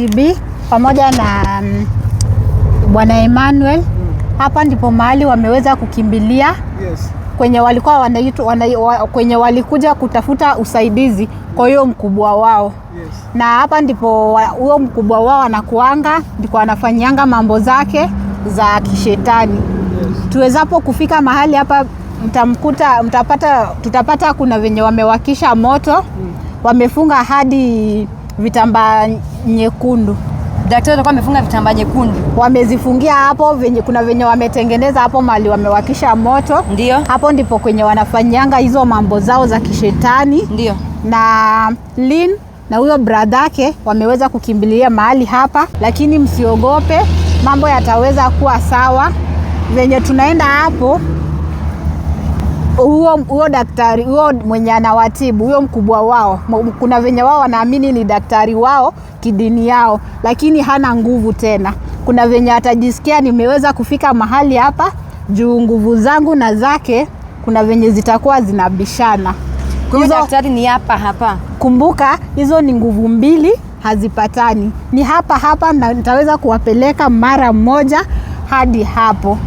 KCB pamoja na um, Bwana Emmanuel mm. Hapa ndipo mahali wameweza kukimbilia yes. Kwenye walikuwa wanaitu, wana, kwenye walikuja kutafuta usaidizi kwa hiyo mkubwa wao yes. Na hapa ndipo huyo mkubwa wao anakuanga ndipo anafanyanga mambo zake za kishetani yes. Tuwezapo kufika mahali hapa mtamkuta, mtapata, tutapata kuna venye wamewakisha moto mm. Wamefunga hadi vitambaa nyekundu. Daktari alikuwa amefunga vitambaa nyekundu, wamezifungia hapo venye, kuna venye wametengeneza hapo mali wamewakisha moto. Ndio hapo ndipo kwenye wanafanyanga hizo mambo zao za kishetani. Ndio na lin na huyo bradhake wameweza kukimbilia mahali hapa, lakini msiogope, mambo yataweza kuwa sawa venye tunaenda hapo huo huo daktari huo mwenye anawatibu huyo mkubwa wao, kuna venye wao wanaamini ni daktari wao kidini yao, lakini hana nguvu tena. Kuna venye atajisikia nimeweza kufika mahali hapa juu nguvu zangu na zake, kuna venye zitakuwa zinabishana. hiyo daktari ni hapa hapa. Kumbuka hizo ni nguvu mbili hazipatani, ni hapa hapa, na nitaweza kuwapeleka mara moja hadi hapo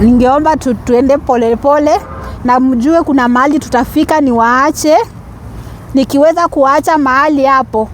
ningeomba tu, tuende polepole na mjue kuna mahali tutafika, niwaache. Nikiweza kuwaacha mahali hapo,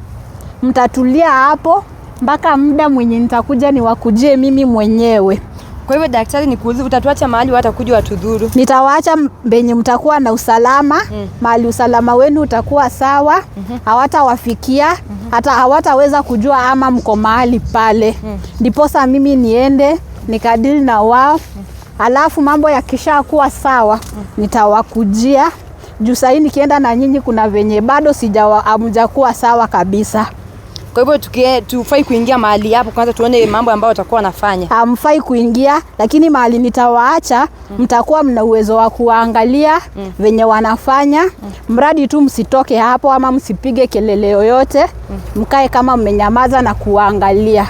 mtatulia hapo mpaka muda mwenye nitakuja niwakujie mimi mwenyewe. Kwa hivyo daktari, nikuulize, utatuacha mahali watakuja watudhuru? Nitawaacha benye mtakuwa na usalama mm. mahali usalama wenu utakuwa sawa mm -hmm. hawatawafikia mm -hmm. hata hawataweza kujua ama mko mahali pale, mm. ndiposa mimi niende nikadili na wao mm alafu mambo yakishakuwa sawa nitawakujia juu sahii nikienda na nyinyi kuna venye bado sijaamjakuwa sawa kabisa. Kwa hivyo tufai kuingia mahali hapo kwanza, tuone mambo ambayo utakuwa nafanya. amfai kuingia, lakini mahali nitawaacha mm. mtakuwa mna uwezo wa kuangalia mm. venye wanafanya mm. mradi tu msitoke hapo ama msipige kelele yoyote mm. mkae kama mmenyamaza na kuangalia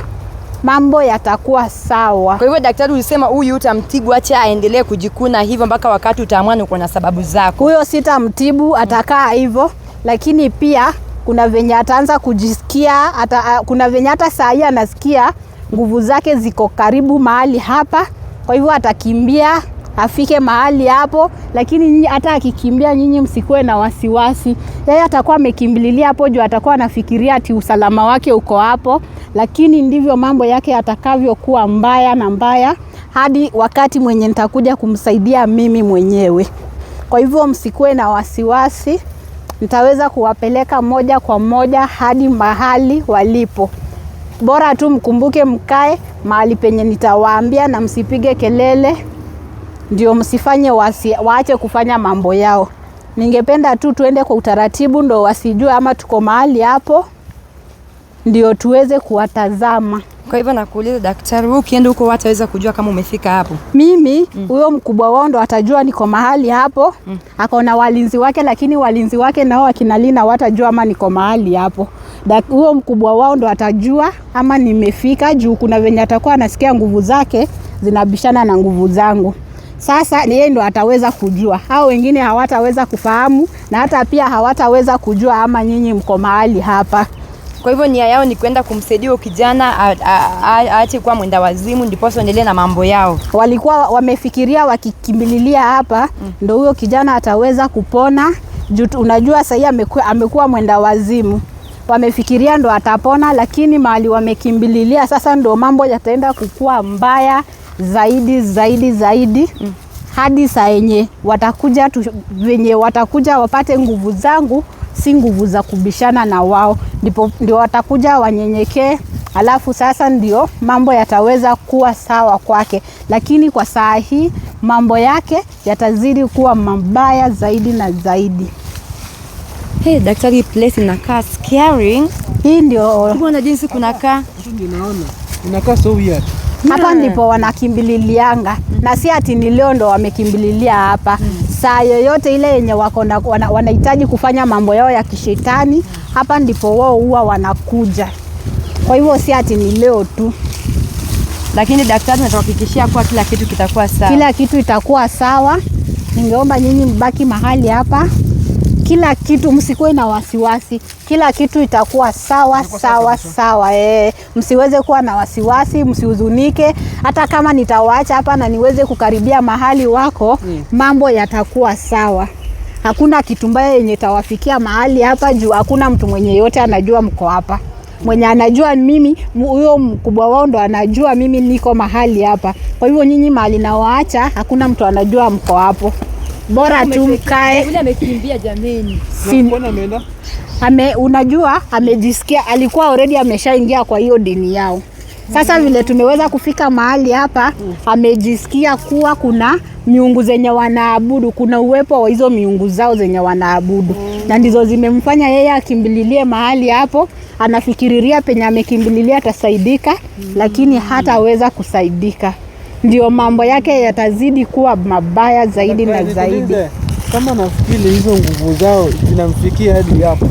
mambo yatakuwa sawa. Kwa hivyo daktari, ulisema huyu utamtibu, acha aendelee kujikuna hivyo mpaka wakati utaamua, uko na sababu zako. Huyo sitamtibu, atakaa hivyo, lakini pia kuna venye ataanza kujisikia ata, kuna venye hata saa hii anasikia nguvu zake ziko karibu mahali hapa, kwa hivyo atakimbia afike mahali hapo, lakini nyinyi hata akikimbia, nyinyi msikuwe na wasiwasi. Yeye atakuwa amekimbililia hapo juu, atakuwa anafikiria ati usalama wake uko hapo, lakini ndivyo mambo yake atakavyokuwa mbaya na mbaya, hadi wakati mwenye nitakuja kumsaidia mimi mwenyewe. Kwa hivyo msikuwe na wasiwasi, nitaweza kuwapeleka moja kwa moja hadi mahali walipo. Bora tu mkumbuke mkae mahali penye nitawaambia, na msipige kelele ndio msifanye wasi, waache kufanya mambo yao. Ningependa tu tuende kwa utaratibu, ndo wasijue ama tuko mahali hapo, ndio tuweze kuwatazama. Kwa hivyo nakuuliza daktari, wewe ukienda huko wataweza kujua kama umefika hapo? Mimi mm. huyo mm. mkubwa wao ndo atajua niko mahali hapo mm. akaona walinzi wake, lakini walinzi wake nao akinalina watajua ama niko mahali hapo. Huyo mkubwa wao ndo atajua ama nimefika, juu kuna venye atakuwa anasikia nguvu zake zinabishana na nguvu zangu. Sasa ni yeye ndo ataweza kujua, hao wengine hawataweza kufahamu na hata pia hawataweza kujua ama nyinyi mko mahali hapa. Kwa hivyo nia yao ni kwenda kumsaidia kijana aache kuwa mwenda wazimu, ndipo waendelee na mambo yao. Walikuwa wamefikiria wakikimbililia hapa mm, ndo huyo kijana ataweza kupona juu unajua sahii amekuwa, amekuwa mwenda wazimu wamefikiria ndo atapona, lakini mahali wamekimbililia sasa ndo mambo yataenda kukua mbaya zaidi zaidi zaidi mm. hadi saa yenye watakuja tu, venye watakuja wapate nguvu zangu, si nguvu za kubishana na wao, ndipo ndio watakuja wanyenyekee, alafu sasa ndio mambo yataweza kuwa sawa kwake, lakini kwa saa hii mambo yake yatazidi kuwa mabaya zaidi na zaidi. Hey, daktari, place inakaa scary. Hii ndio jinsi kunakaa, inakaa so weird hapa hmm. ndipo wanakimbililianga mm. na si ati ni leo ndo wamekimbililia hapa mm. saa yoyote ile yenye wako na wanahitaji kufanya mambo yao ya kishetani hapa ndipo wao huwa wanakuja. Kwa hivyo si ati ni leo tu, lakini daktari anatuhakikishia kuwa kila kitu kitakuwa sawa, kila kitu itakuwa sawa. Ningeomba nyinyi mbaki mahali hapa kila kitu, msikuwe na wasiwasi, kila kitu itakuwa sawa sawa sawa. E, msiweze kuwa na wasiwasi, msihuzunike. Hata kama nitawaacha hapa na niweze kukaribia mahali wako mm, mambo yatakuwa sawa. Hakuna kitu mbaya yenye itawafikia mahali hapa juu hakuna mtu mwenye yote anajua mko hapa mwenye anajua mimi, huyo mkubwa wao ndo anajua mimi niko mahali hapa. Kwa hivyo nyinyi mahali nawaacha, hakuna mtu anajua mko hapo bora tu mkae. Amekimbia jameni, ame, unajua amejisikia, alikuwa already ameshaingia kwa hiyo dini yao. Sasa mm. vile tumeweza kufika mahali hapa, mm. amejisikia kuwa kuna miungu zenye wanaabudu, kuna uwepo wa hizo miungu zao zenye wanaabudu mm. na ndizo zimemfanya yeye akimbililie mahali hapo, anafikiriria penye amekimbililia atasaidika mm. lakini hataweza kusaidika ndio mambo yake yatazidi kuwa mabaya zaidi na zaidi. Kama nafikiri hizo nguvu zao zinamfikia hadi hapo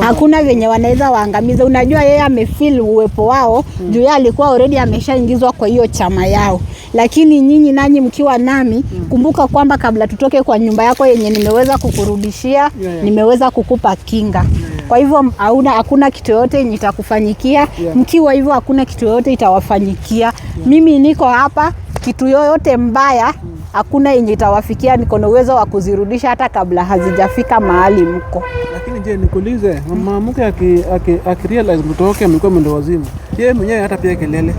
hakuna venye wanaweza waangamiza. Unajua, yeye amefeel uwepo wao hmm. juu yeye alikuwa already ameshaingizwa kwa hiyo chama yao, lakini nyinyi nanyi mkiwa nami hmm. kumbuka kwamba kabla tutoke kwa nyumba yako yenye nimeweza kukurudishia yeah, yeah. nimeweza kukupa kinga yeah. Kwa hivyo hauna hakuna kitu yoyote yenye itakufanyikia yeah. Mkiwa hivyo hakuna kitu yoyote itawafanyikia yeah. Mimi niko hapa, kitu yoyote mbaya hmm hakuna yenye itawafikia, niko na uwezo wa kuzirudisha hata kabla hazijafika mahali mko. Lakini je, nikuulize, mama mke akirealize mtoto wake amekuwa mwendo wazimu, yeye mwenyewe hata pia kelele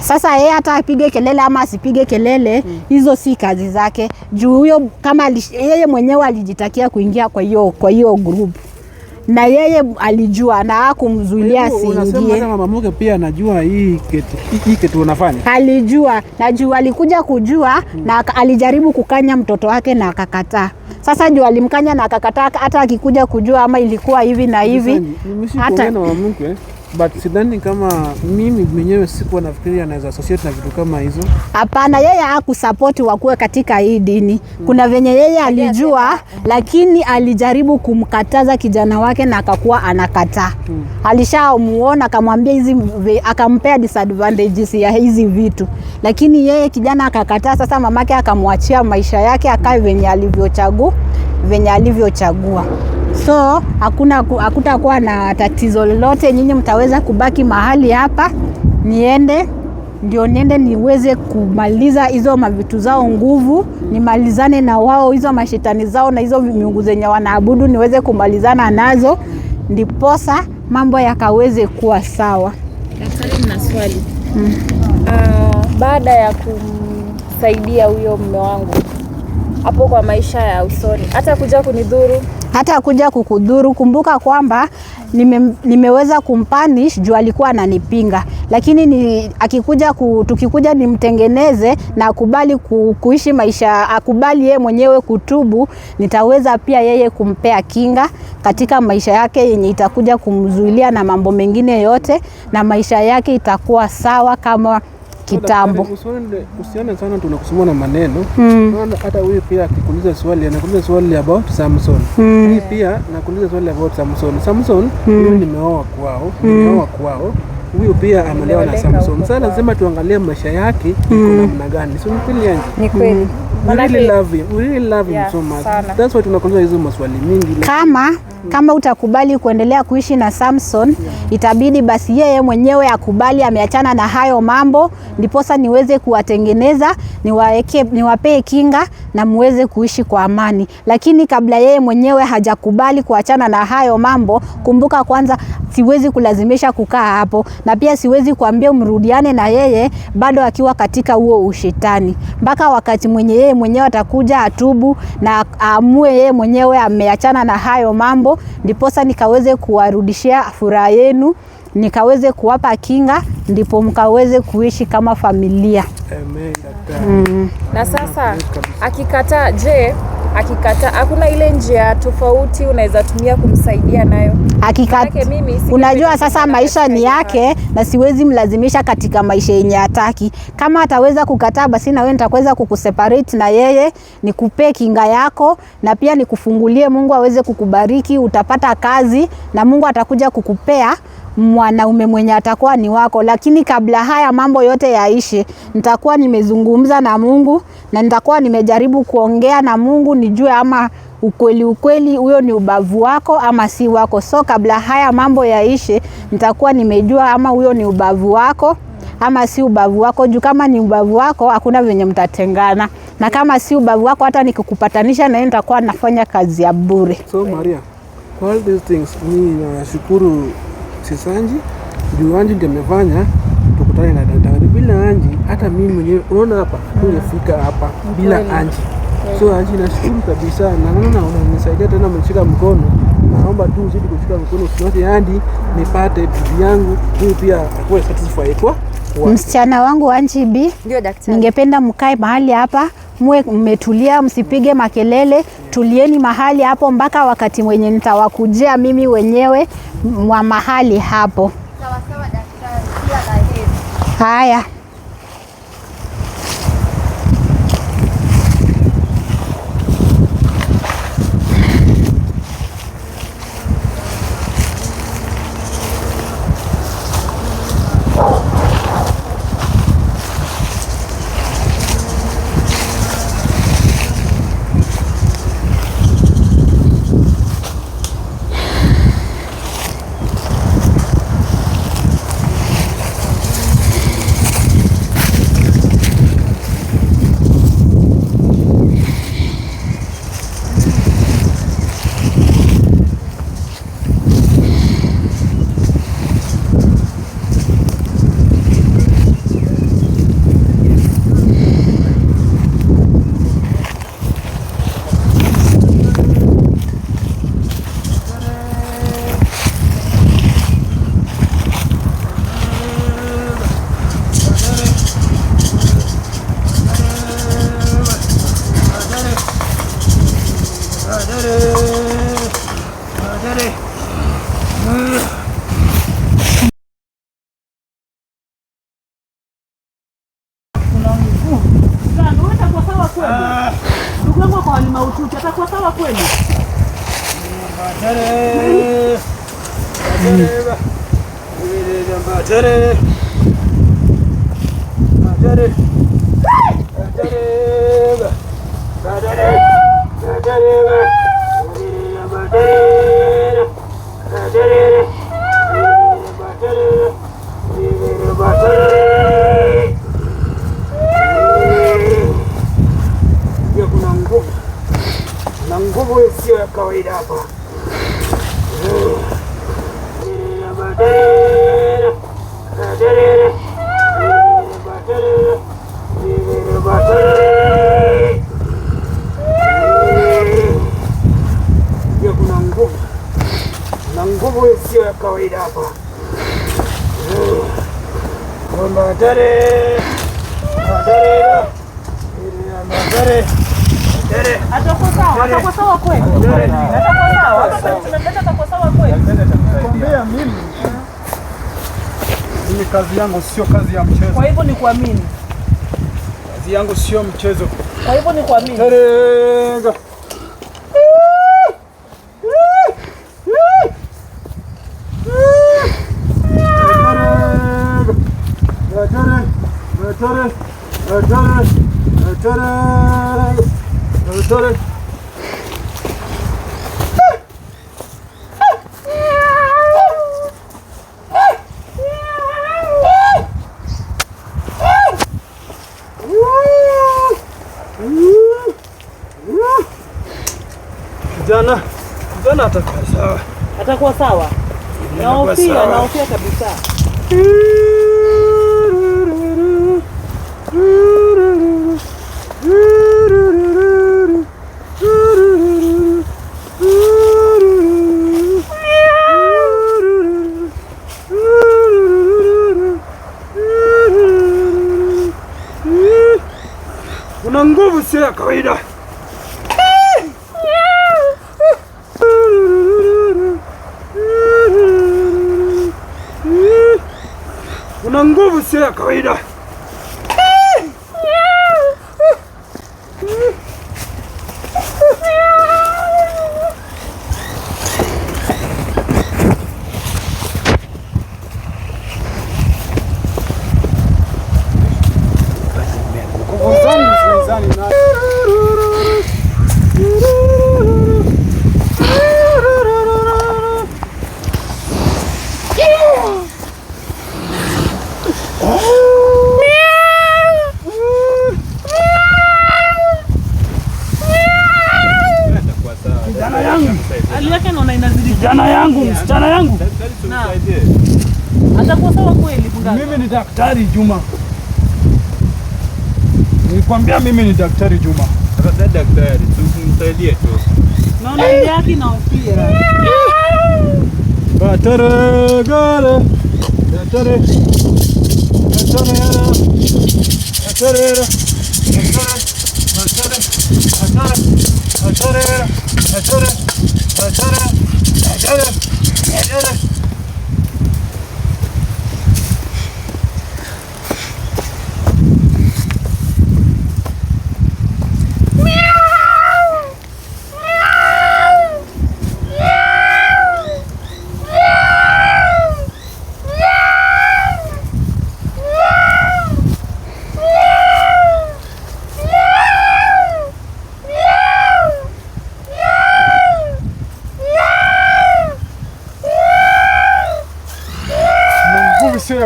sasa yeye hata apige kelele ama asipige kelele hizo, hmm, si kazi zake juu huyo, kama yeye mwenyewe alijitakia kuingia kwa hiyo kwa hiyo grupu na yeye alijua na hakumzuilia asiingie. Mama mmoja pia anajua hii kitu unafanya, alijua najua alikuja kujua hmm. na alijaribu kukanya mtoto wake na akakataa. Sasa juu alimkanya na akakataa, hata akikuja kujua ama ilikuwa hivi na hivi hata but sidhani kama mimi mwenyewe sikuwa nafikiria naweza associate na vitu kama hizo. Hapana, yeye hakusapoti wakuwe katika hii dini. Kuna venye yeye alijua, lakini alijaribu kumkataza kijana wake na akakuwa anakataa. Hmm. Alishamuona akamwambia hizi, akampea disadvantages ya hizi vitu, lakini yeye kijana akakataa. Sasa mamake akamwachia maisha yake akae venye alivyochagua venye alivyochagua so hakuna hakutakuwa na tatizo lolote. Nyinyi mtaweza kubaki mahali hapa, niende ndio niende niweze kumaliza hizo mavitu zao nguvu, nimalizane na wao hizo mashetani zao na hizo miungu zenye wanaabudu, niweze kumalizana nazo, ndiposa mambo yakaweze kuwa sawa. Daktari, mna swali hmm. Uh, baada ya kumsaidia huyo mume wangu hapo kwa maisha ya usoni, hata kuja kunidhuru hata kuja kukudhuru. Kumbuka kwamba nime, nimeweza kumpanish juu alikuwa ananipinga, lakini ni, akikuja ku, tukikuja nimtengeneze na akubali ku, kuishi maisha, akubali yeye mwenyewe kutubu, nitaweza pia yeye kumpea kinga katika maisha yake yenye itakuja kumzuilia na mambo mengine yote, na maisha yake itakuwa sawa kama kitambo. Usione sana tunakusumbua na maneno. Hmm. Hata huyu pia akikuuliza swali, anakuuliza swali about Samson. Hii hmm. pia nakuuliza swali about Samson. Samson, hmm. Mimi nimeoa kwao, nimeoa kwao huyu pia amelewa na Samson. Sasa lazima tuangalie maisha yake iko namna gani. kweli anje. Ni kweli. really love really love him so much. That's why tunakuuliza hizo maswali mingi. Kama kama utakubali kuendelea kuishi na Samson, itabidi basi yeye mwenyewe akubali ameachana na hayo mambo, ndiposa niweze kuwatengeneza, niwaweke, niwapee kinga na muweze kuishi kwa amani. Lakini kabla yeye mwenyewe hajakubali kuachana na hayo mambo, kumbuka kwanza, siwezi kulazimisha kukaa hapo, na pia siwezi kuambia mrudiane na yeye bado akiwa katika huo ushetani, mpaka wakati mwenye yeye mwenyewe atakuja atubu na aamue yeye mwenyewe ameachana na hayo mambo, ndiposa nikaweze kuwarudishia furaha yenu nikaweze kuwapa kinga, ndipo mkaweze kuishi kama familia. Amen. Mm. Na sasa akikataa, je, akikataa hakuna ile njia tofauti unaweza tumia kumsaidia nayo? Akikataa, unajua sasa maisha ni yake na siwezi mlazimisha katika maisha yenye hataki. Kama ataweza kukataa, basi na wewe nitaweza kukuseparate na yeye, nikupee kinga yako na pia nikufungulie, Mungu aweze kukubariki, utapata kazi na Mungu atakuja kukupea mwanaume mwenye atakuwa ni wako. Lakini kabla haya mambo yote yaishi, nitakuwa nimezungumza na Mungu na nitakuwa nimejaribu kuongea na Mungu nijue ama ukweli ukweli huyo ni ubavu wako ama si wako. So kabla haya mambo yaishi, nitakuwa nimejua ama huyo ni ubavu wako ama si ubavu wako, juu kama ni ubavu wako hakuna venye mtatengana, na kama si ubavu wako, hata nikikupatanisha naye nitakuwa nafanya kazi ya bure. So Maria, all these things, mimi nashukuru sisanji juu Anji ndio amefanya tukutane na daktari. Bila Anji hata mimi mwenyewe unaona hapa tungefika hapa bila Anji. So Anji nashukuru kabisa, na naona unanisaidia tena, mshika mkono. Naomba tu uzidi kushika mkono, usiwache Anji nipate bibi yangu huyu pia akuwe satisfied kwa msichana wangu wa ningependa mkae mahali hapa muwe mmetulia, msipige makelele, tulieni mahali hapo mpaka wakati mwenye nitawakujia mimi wenyewe mwa mahali hapo. Haya. Yeah. Atakuwa sawa, atakuwa sawa kweli. Atakuwa sawa. atakuwa sawa kweli. mimi. Mimi kazi yangu sio kazi ya mchezo. Kwa hivyo ni kuamini. Kazi yangu sio mchezo. Kwa hivyo ni kuamini. Tırıs, tırıs, tırıs, tırıs. Kijana, kijana atakuwa sawa, atakuwa sawa, naofia, naofia kabisa. Como você, Karina? É, msichana yangu atakuwa sawa kweli. Mimi ni daktari Juma, nilikwambia mimi ni daktari Juma. Sasa daktari, tumsaidie tu. Naona yake na upira. batare gare. batare batare batare batare batare batare batare batare batare era. Daktari. Daktari. Daktari. Yeah,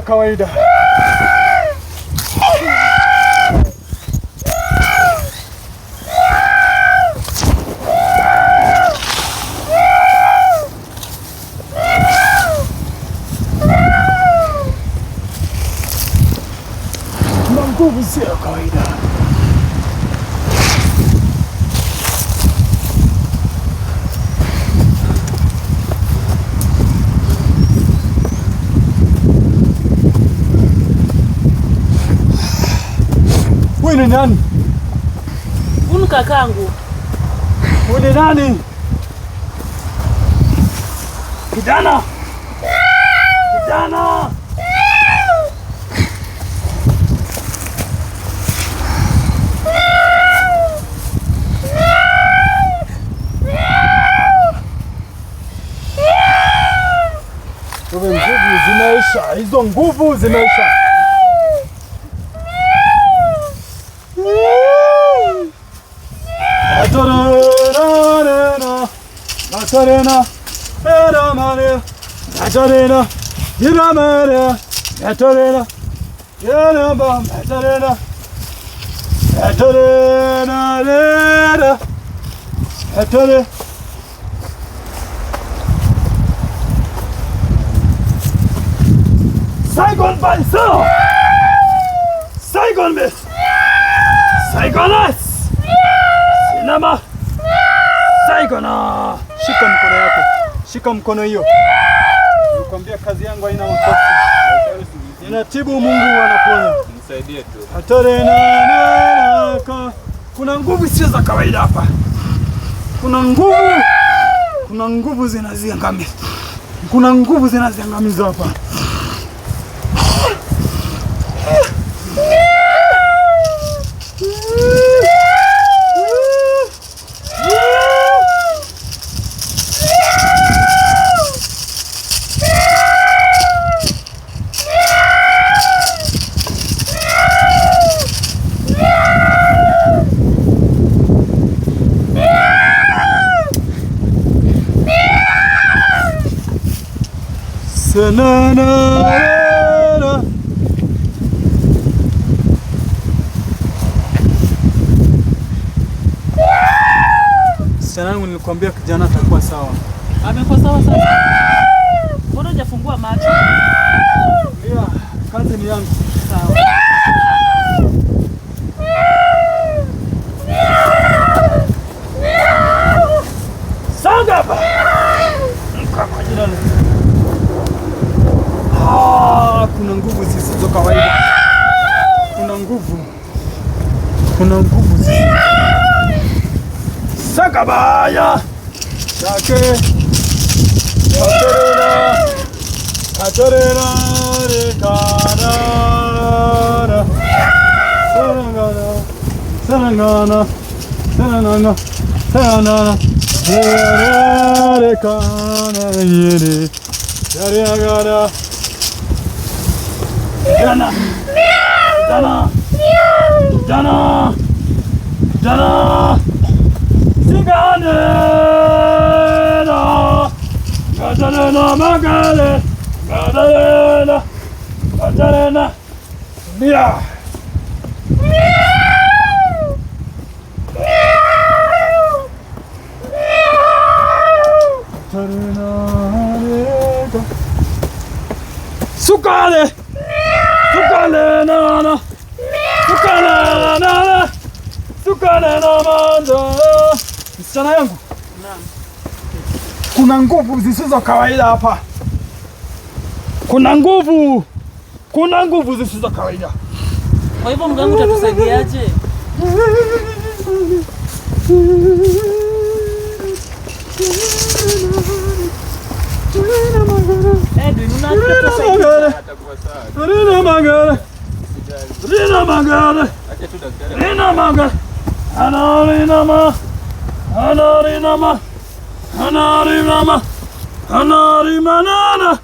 ya kawaida. Nguvu sio kawaida. Huyu ni nani? Huyu kakangu. Huyu ni nani? Kijana. Kijana. Hizo nguvu zimeisha. k a t a r e n a Vera Maria, Katarina, Dira Maria, Katarina, Yanaba, Katarina, Katarina, Lera, m a t a r i n a Saigon Balsão! Saigon Miss! Saigonas! Cinema! Saigonah! Shika mkono hiyo. Nikwambia kazi yangu haina makosa. Ninatibu, Mungu anaponya. Nisaidie tu. Hatari na naka. Kuna nguvu sio za kawaida hapa. Kuna nguvu. Kuna nguvu zinaziangamiza. Kuna nguvu zinaziangamiza hapa. Sanana. Msichana wangu nilikwambia kijana atakuwa sawa. Amekuwa sawa sasa. Mbona hujafungua macho? Kazi ni yangu. Sawa. kuna nguvu sakabaya sake katorera katorera rekarara sarangana sarangana sarangana sarangana rerekana yere yariyagara Dana! Dana! Magdalena, Magdalena, Magdalena, meow. Meow. na na, Sukale, na na, Sukale, na Sukale, Sana yangu. kuna nguvu zisizo kawaida hapa, kuna nguvu, kuna nguvu zisizo kawaida. Kwa hivyo mganga, utatusaidiaje? Hey, Hanarimama Hanarimanana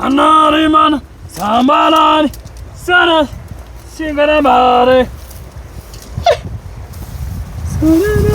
Hanarimana Sambalani Sana Singarabare Sana